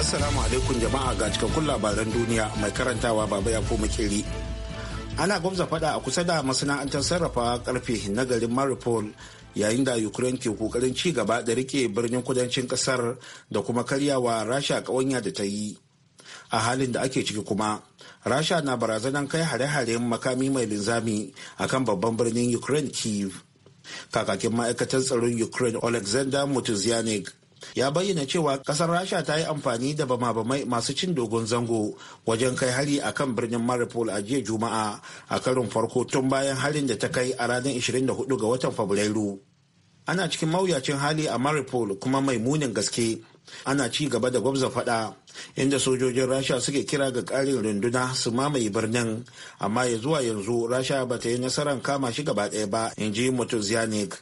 Assalamu alaikum jama'a ga cikakkun labaran duniya mai karantawa baba ya koma kiri. Ana gwamza fada a kusa da masana'antar sarrafa karfe na garin Mariupol yayin da Ukraine ke kokarin ci gaba da rike birnin kudancin kasar da kuma karyawa Rasha kawanya da ta yi. a halin da ake ciki kuma rasha na barazanan kai hare-haren makami mai linzami akan babban birnin ukraine kiev kakakin ma'aikatan tsaron ukraine alexander mutuzianik ya bayyana cewa kasar rasha ta yi amfani da bama-bamai masu cin dogon zango wajen kai hari a kan birnin maripol a jiya juma'a a karin farko tun bayan harin da ta kai a ranar 24 ga watan fabrairu ana cikin mawuyacin hali a maripol kuma mai munin gaske ana ci gaba da gwabza fada inda sojojin rasha suke kira ga karin runduna su mamaye birnin amma ya zuwa yanzu rasha ba ta yi nasarar kama shi gaba ɗaya ba in ji mutuzianik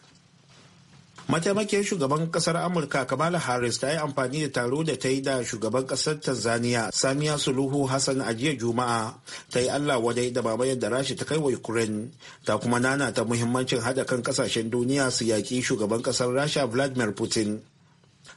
mataimakiyar shugaban kasar amurka kamala harris ta yi amfani da taro da ta yi da shugaban kasar tanzania samiya suluhu hassan a jiya juma'a ta yi allah wadai da Baba da rashi ta kai wa ukraine ta kuma nana ta muhimmancin haɗa kan kasashen duniya su yaƙi shugaban kasar rasha vladimir putin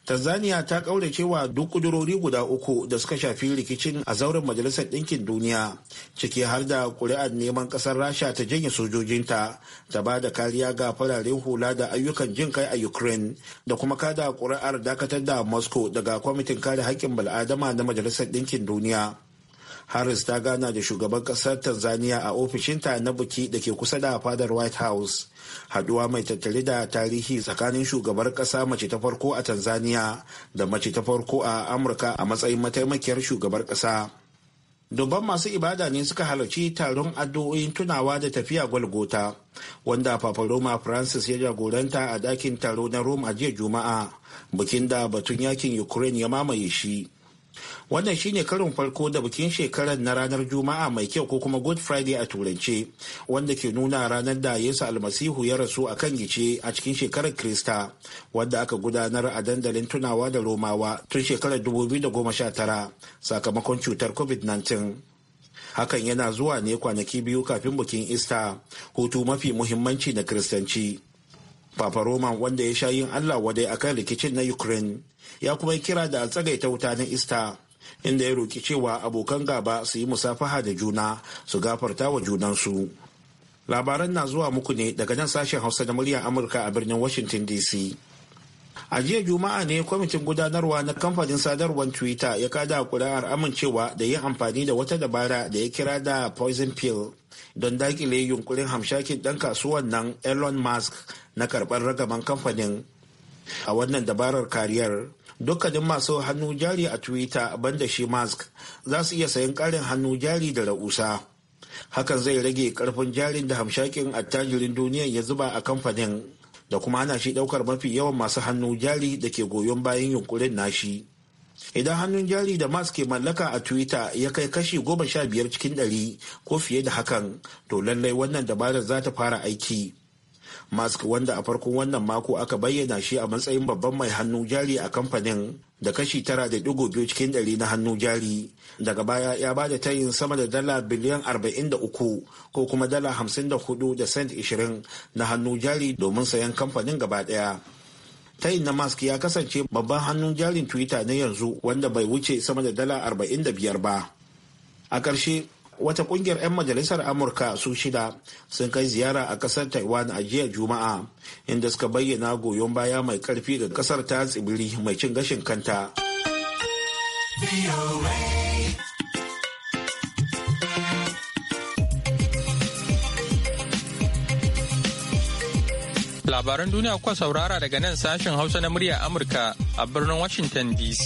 tanzania ta cewa duk kudurori guda uku da suka shafi rikicin a zauren majalisar ɗinkin duniya ciki har da ƙuri'ar neman ƙasar rasha ta janye sojojinta ta ba da kariya ga fararen hula da ayyukan jin kai a ukraine da kuma kada ƙuri'ar dakatar da moscow daga kwamitin kare haƙƙin bal'adama na majalisar ɗinkin duniya harris ta gana da shugaban kasar tanzania a ofishinta na buki da ke kusa da fadar white house haduwa mai tattali da tarihi tsakanin shugabar kasa mace ta farko a tanzania da mace ta farko a amurka a matsayin mataimakiyar shugabar kasa dubban masu ibada ne suka halarci taron addu'o'in tunawa da tafiya gwalgota wanda papa roma francis ya jagoranta a dakin taro na rome a jiya juma'a bikin da batun yakin ukraine ya mamaye shi Wannan shine karin farko da bikin shekarar na ranar Juma'a mai kyau ko kuma Good Friday a turance, wanda ke nuna ranar da Yesu Almasihu ya rasu a kan gice a cikin shekarar Krista, wadda aka gudanar a dandalin tunawa da Romawa tun shekarar 2019 sakamakon cutar COVID-19. Hakan yana zuwa ne kwanaki biyu kafin bikin Ista, hutu mafi muhimmanci na Kiristanci. Papa Roman wanda ya sha yin Allah wadai akan rikicin na Ukraine ya kuma yi kira da tsagaita wuta na ista inda ya roki cewa abokan gaba su yi musafaha da juna su gafarta wa junansu labaran na zuwa muku ne daga nan sashen hausa da muryar amurka a birnin washington dc a jiya juma'a ne kwamitin gudanarwa na kamfanin sadarwar twitter ya kada kuri'ar amincewa da yin amfani da wata dabara da ya kira da poison pill don dakile yunkurin hamshakin dan kasuwan nan elon musk na karɓar ragaman kamfanin a wannan dabarar kariyar dukkanin masu hannu jari a twitter banda shi mask za su iya sayan karin hannu jari da ra'usa hakan zai rage karfin jarin da hamshakin attajirin duniya ya zuba a kamfanin da kuma ana shi daukar mafi yawan masu hannu jari da ke goyon bayan yunkurin nashi idan hannun jari da mask ke mallaka a twitter ya kai kashi goma sha biyar cikin ɗari ko fiye da hakan to lallai wannan dabarar za ta fara aiki Musk wanda a farkon wannan mako aka bayyana shi a matsayin babban mai hannu jari a kamfanin da kashi tara da digo biyu cikin ɗari na hannu jari daga baya ya ba da tayin sama da dala biliyan arba'in da uku ko kuma dala hamsin da hudu da cent ishirin na hannu jari domin sayan kamfanin gaba ɗaya. tayin na mask ya kasance babban hannun jarin twitter na yanzu wanda bai wuce sama da dala arba'in da biyar ba a ƙarshe wata kungiyar 'yan majalisar amurka su shida sun kai ziyara a kasar taiwan a jiya juma'a inda suka bayyana goyon baya mai karfi ga kasar ta tsibiri mai cin gashin kanta labaran duniya kuwa saurara daga nan sashen hausa na murya amurka a birnin washington dc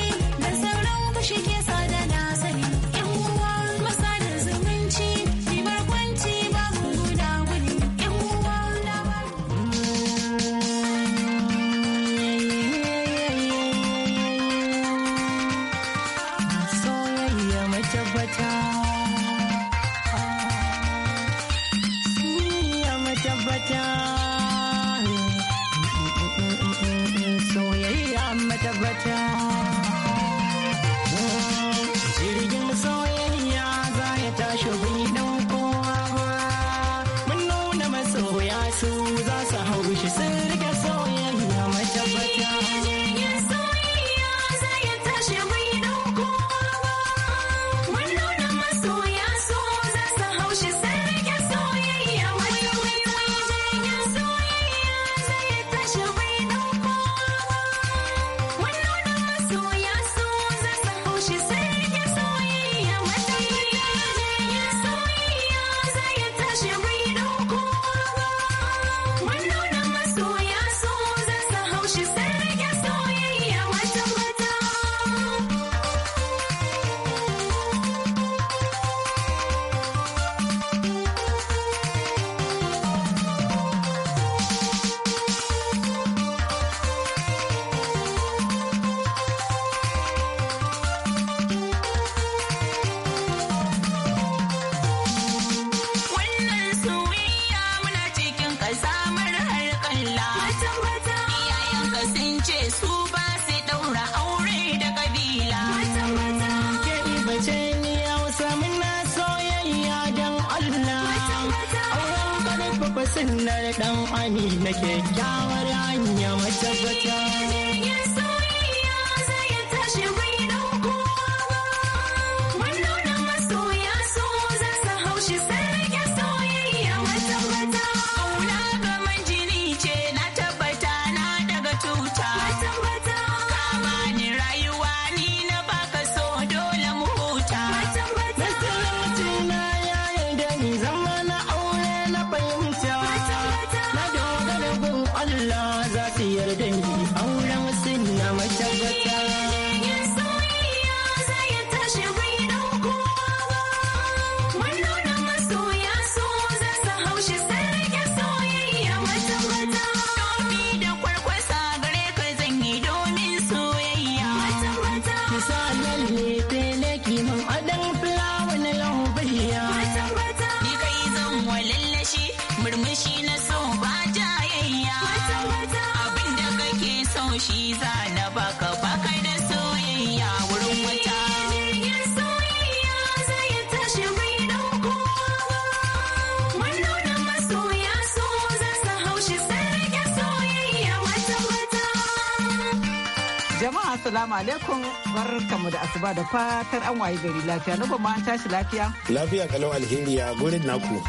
Assalamu alaikum barkamu da asuba da fatar an waye gari lafiya na ma an tashi lafiya. Lafiya kalau alheri ya gurin naku.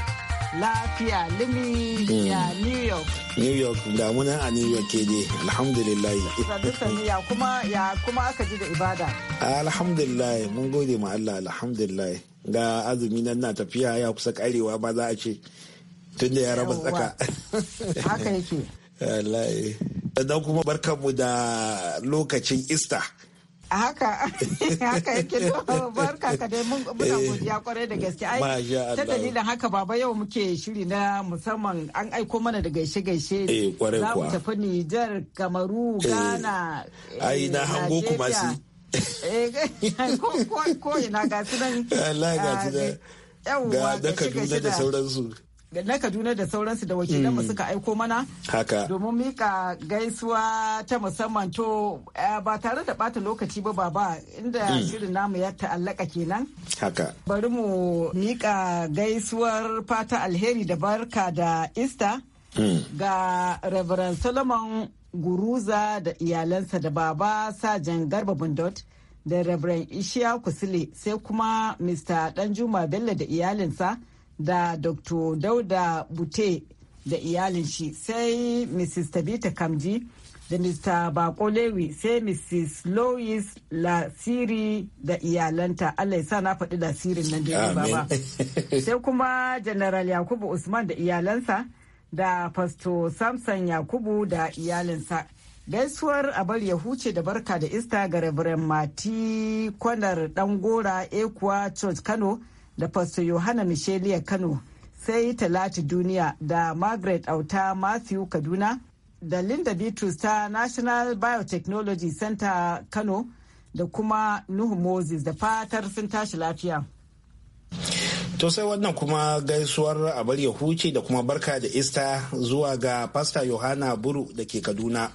Lafiya limi hmm. ya New York. New York damuna a New York ke ne alhamdulillah. ya kuma ya kuma aka ji da ibada. Alhamdulillah mun gode ma Allah alhamdulillah ga azumi nan na tafiya ya kusa karewa ba za a ce tunda ya raba tsaka. Haka yake. Wallahi. sannan kuma barkanmu da lokacin ista. a haka haka yake barka ka dai muna eh, godiya kwarai da gaske ai ta dalilin haka baba yau muke shiri na musamman an aiko mana da gaishe gaishe eh, za mu tafi Nijar Kamaru eh, Ghana ai na hango kuma si ko ina ga su nan yawwa ga ah, Kaduna da sauransu na Kaduna da sauransu da wakilan mu mm. suka aiko mana. Haka. Domin mika gaisuwa ta musamman to eh, ba tare da bata lokaci ba ba ba inda mm. shirin namu ya ta'allaka kenan. Haka. Bari mu mika gaisuwar fata alheri da barka da Ista. Mm. Ga Reverend Solomon Guruza da iyalansa da baba Sajan Garba Bundot. da Reverend Ishiya Kusile sai kuma Mr. Danjuma Bello da iyalinsa da dr dauda bute da iyalin shi sai mrs tabita kamji da mr bako sai mrs lois lasiri da iyalanta allah ya sa na faɗi lasirin nan da baba sai kuma general yakubu usman da iyalansa da pastor samson yakubu da iyalinsa gaisuwar abar ya huce da barka da ista ga reverend mati kwanar dangora ekuwa church kano da pastor yohana michelia kano sai talatu duniya da margaret auta matthew kaduna da linda bitrus ta national biotechnology center kano da kuma nuhu moses da fatar sun tashi lafiya to sai wannan kuma gaisuwar abar huce da kuma barka da ista zuwa ga pastor yohana buru da ke kaduna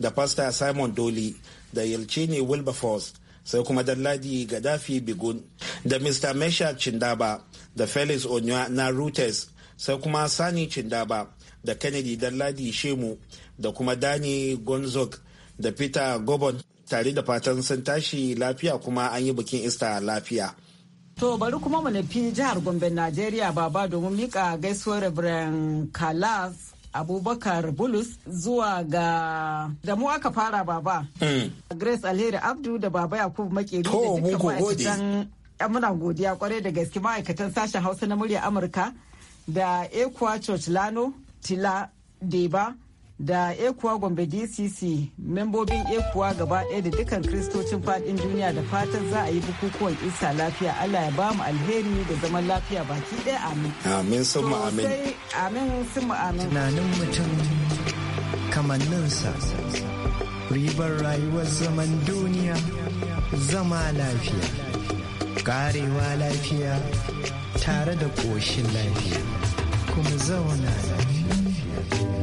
da pastor simon doli da yalce wilberforce sai kuma dalladi gaddafi bigun da mr meshak chindaba da felix onyoa na reuters sai kuma sani chindaba da kennedy dalladi shemu da kuma dani gonzog da peter gobon tare da fatan sun tashi lafiya kuma an yi bikin ista lafiya To bari kuma mu nufi jihar Gombe Najeriya baba domin mika gaisuwar Reverend Kalas abubakar bulus zuwa ga da mu aka fara baba hmm. grace alheri abdu da baba yakubu makeri da dukkan ma'aikatan eh, muna godiya kwarai da gaske ma'aikatan sashen hausa na murya amurka da ekwa church lano tila deba da ekuwa gombe dcc membobin ekuwa gaba ɗaya da dukkan kristocin fadin duniya da fatan za a yi bukukuwan isa lafiya allah ya ba mu alheri da zaman lafiya baki ɗaya amin amin sun amin amin sun amin tunanin mutum kamanninsa ribar rayuwar zaman duniya zama lafiya karewa lafiya tare da ƙoshin lafiya kuma zauna lafiya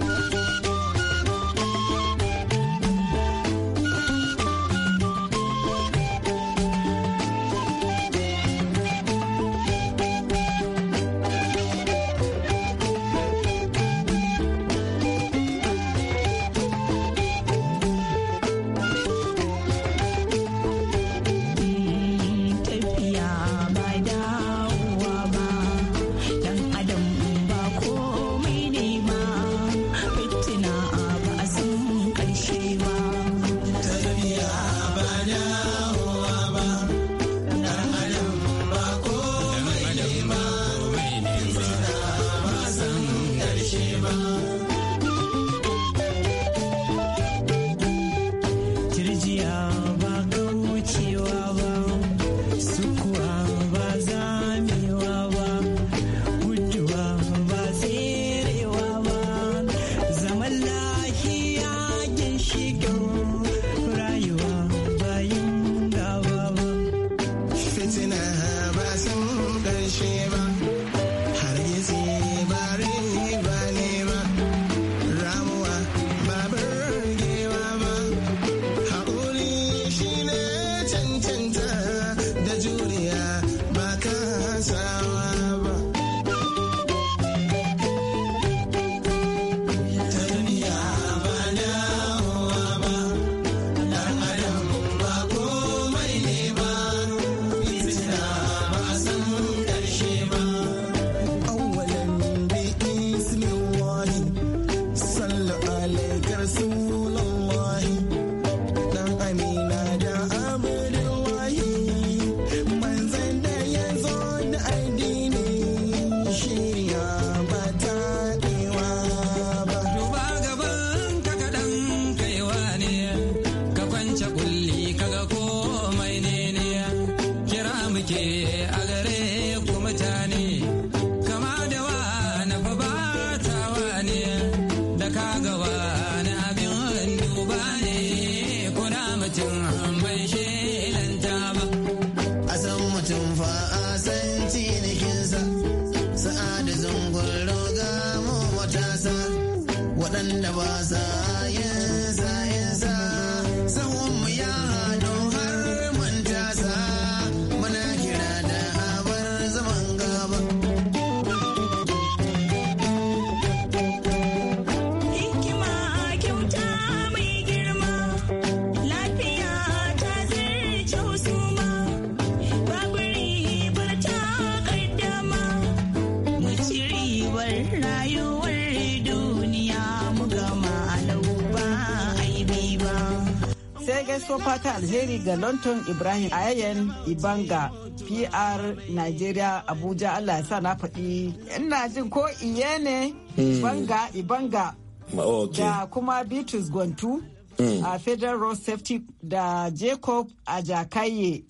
gaisuwa fata alheri ga London Ibrahim Ayayen Ibanga PR Nigeria Abuja Allah ya sa na faɗi. Ina jin ko iye ne hmm. Ibanga Ibanga oh, da kuma Bitrus Gwantu hmm. a Federal Road Safety da Jacob Ajakaye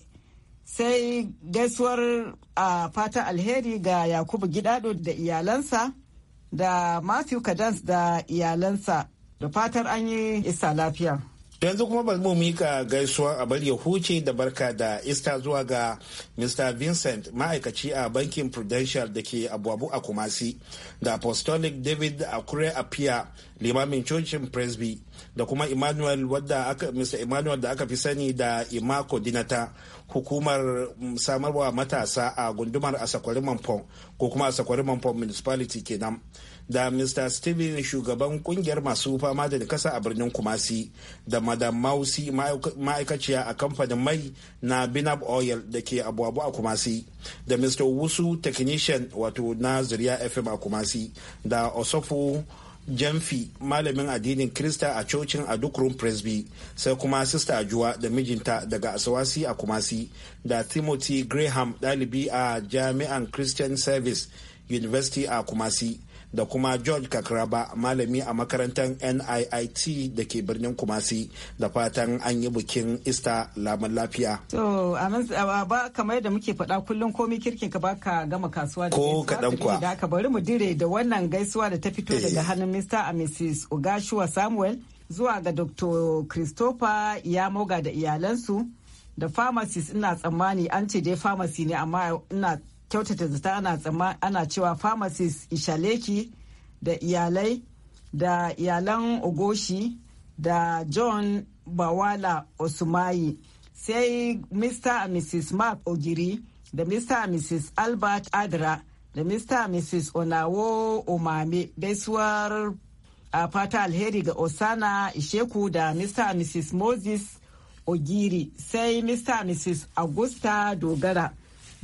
sai gaisuwar a fata alheri ga Yakubu Gidado da iyalansa da Matthew Kadans da iyalansa da fatar an yi isa lafiya. yanzu kuma bari mu mika gaisuwa a bari ya huce da barka da ista zuwa ga mr vincent ma'aikaci a bankin prudential da ke abuabu a kumasi da apostolic david akure apia limamin cocin presby da kuma emmanuel wadda aka mr emmanuel da aka fi sani da ima dinata hukumar samarwa matasa a gundumar asakwari mampon ko kuma asakwari mampon municipality kenan da mr steven shugaban kungiyar masu fama da kasa a birnin kumasi da madam mausi ma'aikaciya a kamfanin mai na binab oil da ke abu a kumasi da mr wusu technician wato na zuriya fm a kumasi da osofo jamfi malamin addinin krista a cocin a duk presby sai kuma sista juwa da mijinta daga asawasi a kumasi da timothy graham dalibi a jami'an christian service university a kumasi da kuma george kakraba malami a makarantar niit da ke birnin kumasi da fatan an yi bikin ista lamun lafiya so ba kamar da muke faɗa kullum komi kirkin ka baka gama kasuwa da ko kaɗan kwa da aka bari mu dire da wannan gaisuwa da ta fito eh. daga hannun mr a mrs ogashua samuel zuwa ga dr christopher ya moga da iyalansu da pharmacist ina tsammani an ce dai pharmacy ne amma ina kyautata zata ana tsama ana cewa pharmacist ishaleki da iyalai da iyalan ogoshi da john bawala osumayi sai mr and mrs mark ogiri da mr and mrs albert adra da mr and mrs onawo omame gaisuwar a fata alheri ga osana isheku da mr and mrs moses ogiri sai mr and mrs augusta dogara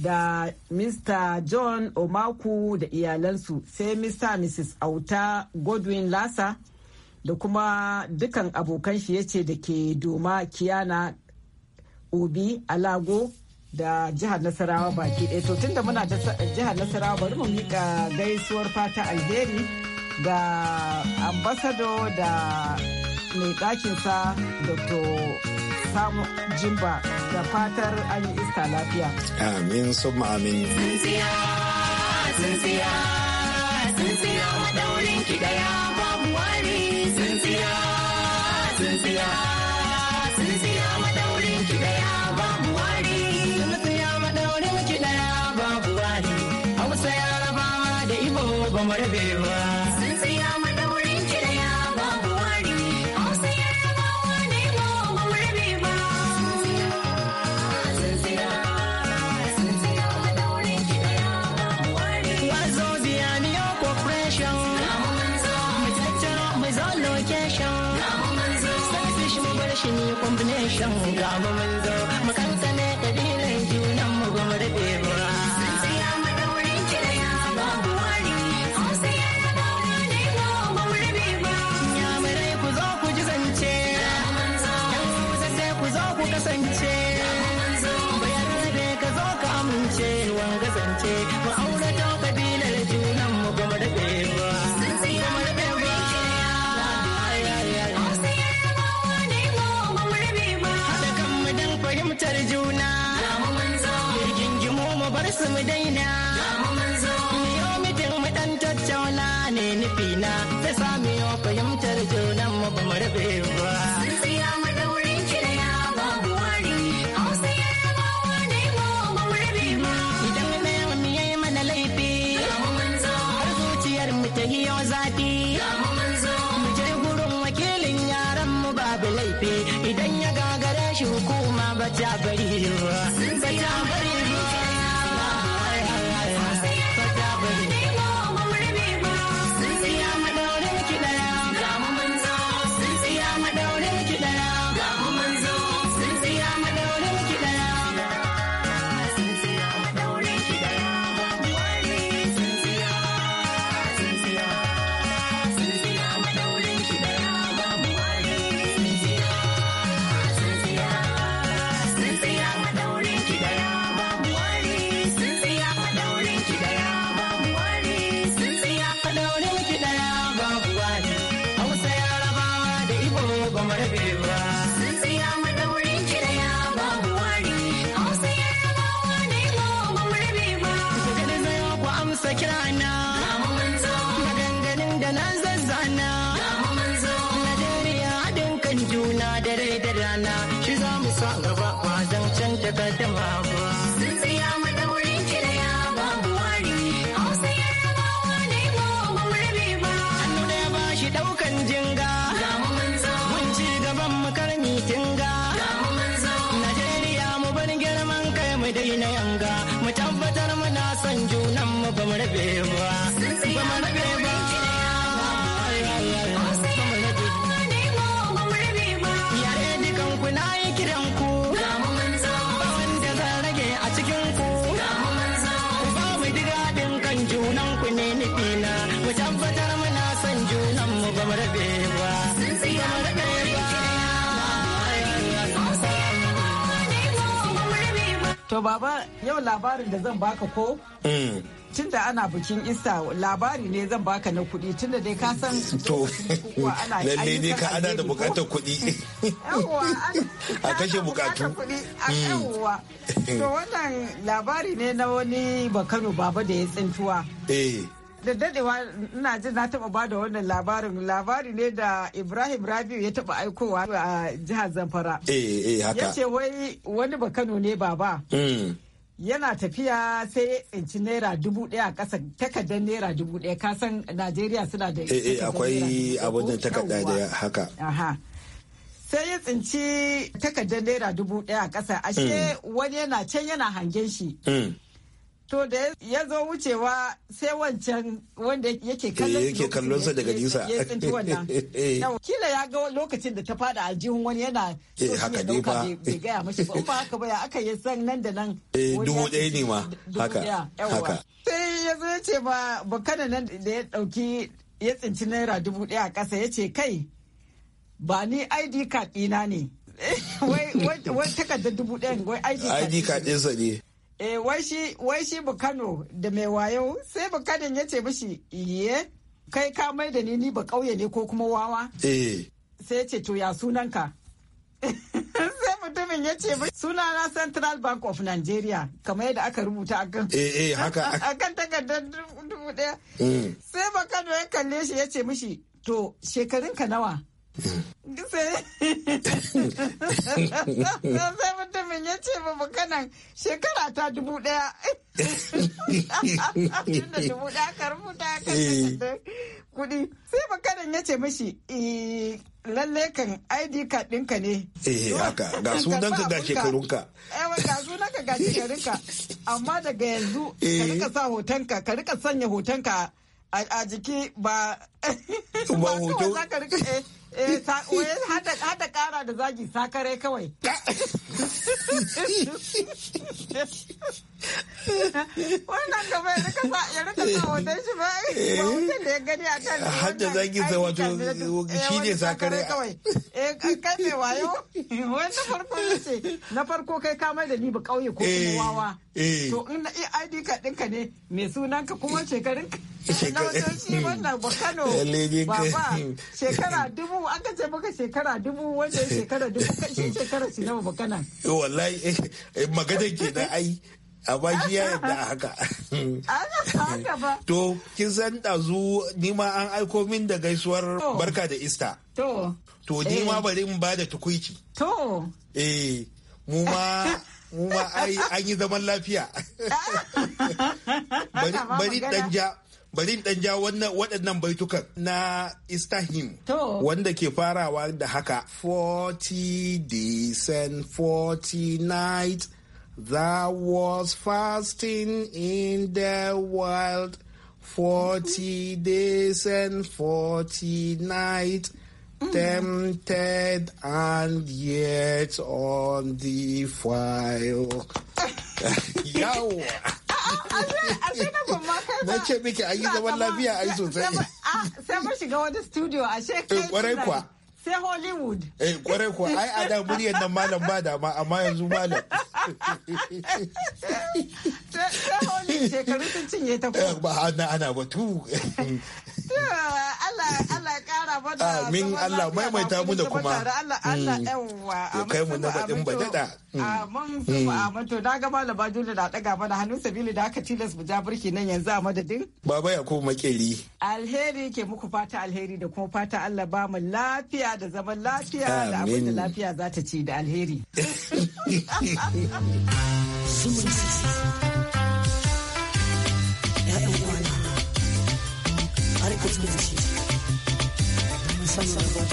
da Mr. John Omaku da iyalansu sai Mr. Mrs. Auta Godwin Lassa da kuma dukan abokan shi yace da ke doma Kiyana Obi Alago da jihar Nasarawa baki ɗaya. To tunda muna da jihar Nasarawa bari mu miƙa gaisuwar fata alheri ga ambasado da mai ɗakinsa Dr. samu jimba da fatar an yi iska lafiya. Amin sun amin. Sinsiya, sinsiya, tsintsiya madaurin ki daya. bari ba. Sun sai na bari san juna rai da rana shi za mu sa gaba ba zan canja kadama ba. baba yau labarin da zan baka ko? Eh. Tun da ana bikin Ista labari ne zan baka na kuɗi da dai ka san to lalle ne ka ana da bukatar kuɗi a kashe hmm. bukatu to wannan labari ne na wani bakano baba da ya tsintuwa eh. da dadewa ina jin na taba bada wannan labarin labari ne da Ibrahim Rabiu ya taba aikowa a jihar Zamfara. Eh, eh, ya ce wai wani Bakano ne baba. Hmm. Yana tafiya sai ya tsinci naira dubu daya a ƙasa takardar naira dubu daya kasan Najeriya suna da. Eh eh akwai abin takarda da haka. Aha. sai ya tsinci takardar naira dubu daya a ƙasa ashe hmm. wani yana can yana hangen shi. Hmm. to da ya zo wucewa sai wancan wanda yake eh, kallon yake kallon sa daga nisa kila ya ga lokacin da ta fada aljihun wani yana so eh, shi ya dauka bai gaya mashi ba ba haka ba ya aka yi san nan da nan eh, dubu ɗaya ne ma haka haka sai ya zo ya ce ba bakana nan da ya dauki ya tsinci naira dubu ɗaya a kasa ya ce kai ba ni ID card ɗina ne wai takardar dubu ɗaya wai ID card ɗinsa ne eh wai shi wai shi bukano da mai wayo sai bukanin ya ce mishi iye kai ka mai da ni ni ba kauye ne ko kuma wawa eh sai ce to ya sunanka sai mutumin ya ce suna na central bank of nigeria kamar yadda aka rubuta akan eh eh haka akan takardar dubu daya mm. sai bakano ya kalle shi ya ce mishi to ka nawa sai mutumin ya ce ba makanan shekara ta dubu daya tunda dubu daya ka rubuta kan kudi sai makanan ya ce mashi lallai kan id card ɗinka ne eh haka ga sunanka ga shekarunka yawa ga sunanka ga shekarunka amma daga yanzu ka eh. rika sa hotonka ka rika sanya ka a jiki ba ba hoto Eh, hada kara da zagi sakare kawai. Wannan gaba ya rika sa ya rika sa hoton shi ba eh. mutum da ya gani a kan hadda zagi eh, sa wato shi ne sakare kawai. Eh, kai mai wayo. Wanda farko ce na farko kai kamar da ni ba kauye ko kuma eh, wawa. To in na ID ka ɗinka ne mai sunan ka kuma shekarun ka. Na wato shi wannan ba Kano. Baba shekara dubu dubu aka ce baka shekara dubu wanda ya shekara dubu shi shekara shi nawa baka nan. Wallahi eh, eh, magana ke da ai amma shi ya yadda a haka. To kin san ɗazu ni ma an aiko min da gaisuwar barka da ista. To. To ni ma eh. bari in ba da tukuici. To. Eh mu ma mu ma an yi zaman lafiya. Bari dan ja bari dan ja wannan waɗannan baitukan na istahim wanda ke farawa da haka 40 days and 40 nights thou was fasting in the wild 40 days and 40 nights tempted and yet on the file yawa na ce miki a yi zaman lafiya a yi sosai ah, sai mu shiga wani studio a shekai eh, kwarai kuwa sai hollywood eh kwarai kuwa ai a da muryar nan malam ba dama amma yanzu malam sai hollywood shekaru sun cinye ta kuma eh, ba ana ana batu Amin Allah maimaita mu da kuma. Mm. Ya kai mu na baɗin badada. Amin mm. su mm. to na ga malama Jule na ɗaga mana hannun sabili da aka tilas mu ja burki nan yanzu a madadin. Baba Yakubu Makeri. Alheri ke muku fata alheri da kuma fata Allah ba mu lafiya da zaman lafiya da abin da lafiya za ta ci da alheri. Ya'yan uwana, musamman.